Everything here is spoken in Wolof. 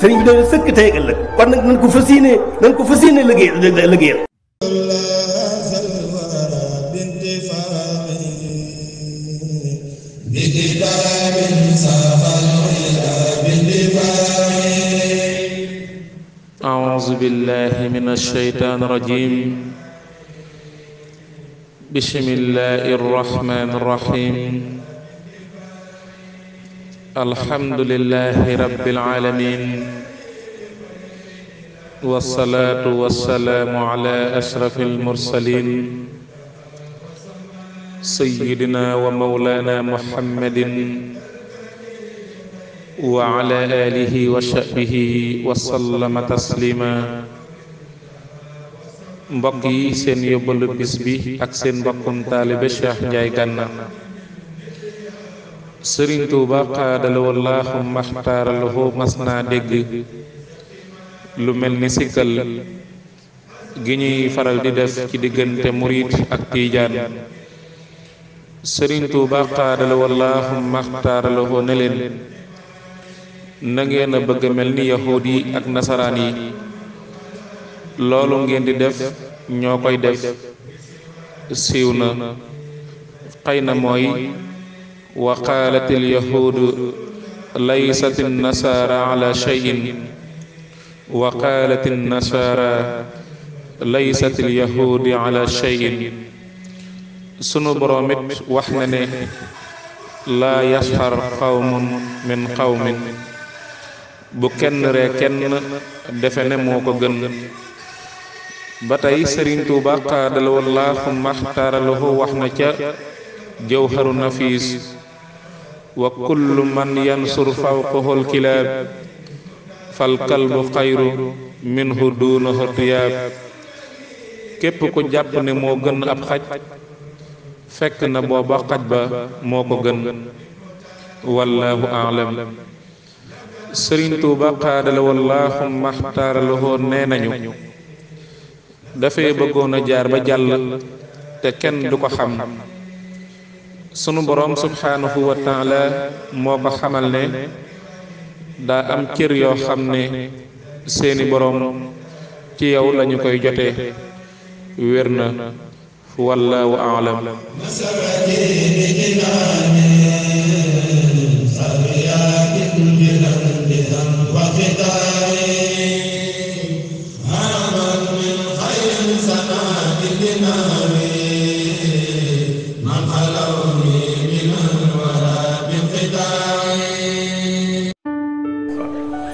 sëriñ bi dana sëkk tey ëllëg kon nag nañ ko fas yéene nañ ko fas yéene liggéeyal liggéeyal أعوذ بالله من الشيطان الرجيم بسم الله الرحمن الرحيم alhamdulillahi rabbil aalamiin wassalaatu wassalaamu ala ashrafil mursaliin sayyidina wa mawlaana muhammadin wa ala aalihi wa sahbihi wa sallama tasliima mbokk yi seen yóbbalu bis bi ak seen mbokkum taalibe Cheikh Ndiaye Gana sëriñ tuuba xaadala wallaahu maxtaaralahu mas naa dégg lu mel ni sikkal gi ñuy faral di def ci diggante murit ak tiijaan sëriñ tuuba xaadala wallaahu maxtaaralahu ne leen na ngeen a mel ni yahuud yi ak nasaraan yi loolu ngeen di def ñoo koy def siiw na xëy na mooy wa qaalat alyahuudu laysat annasaara ala cheyin wa qaalat annasaara laysat alyahuudu ala cheyin sunu boroom it wax na ne laa yasxar qawmun min qawmin bu kenn ree kenn defe ne moo ko gën ba tey sëriñ Tuuba qaadal ca jawharu nafiis wa kullu man yansur fawqahu alkilaab fal kalbu xayru minhu duunahu tiyaab képp ku jàpp ne moo gën ab xaj fekk na booba xaj ba moo ko gën wallaahu aalam sëriñ tuuba xaadala wallaahu maxtaaralahoo nee nañu dafay bëggoon a jaar ba jàll te kenn du ko xam sunu boroom subhaanahu wa taala moo ko xamal ne daa am cër yoo xam ne seeni boroom ci yow lañu koy jote wér na wallaahu aalam na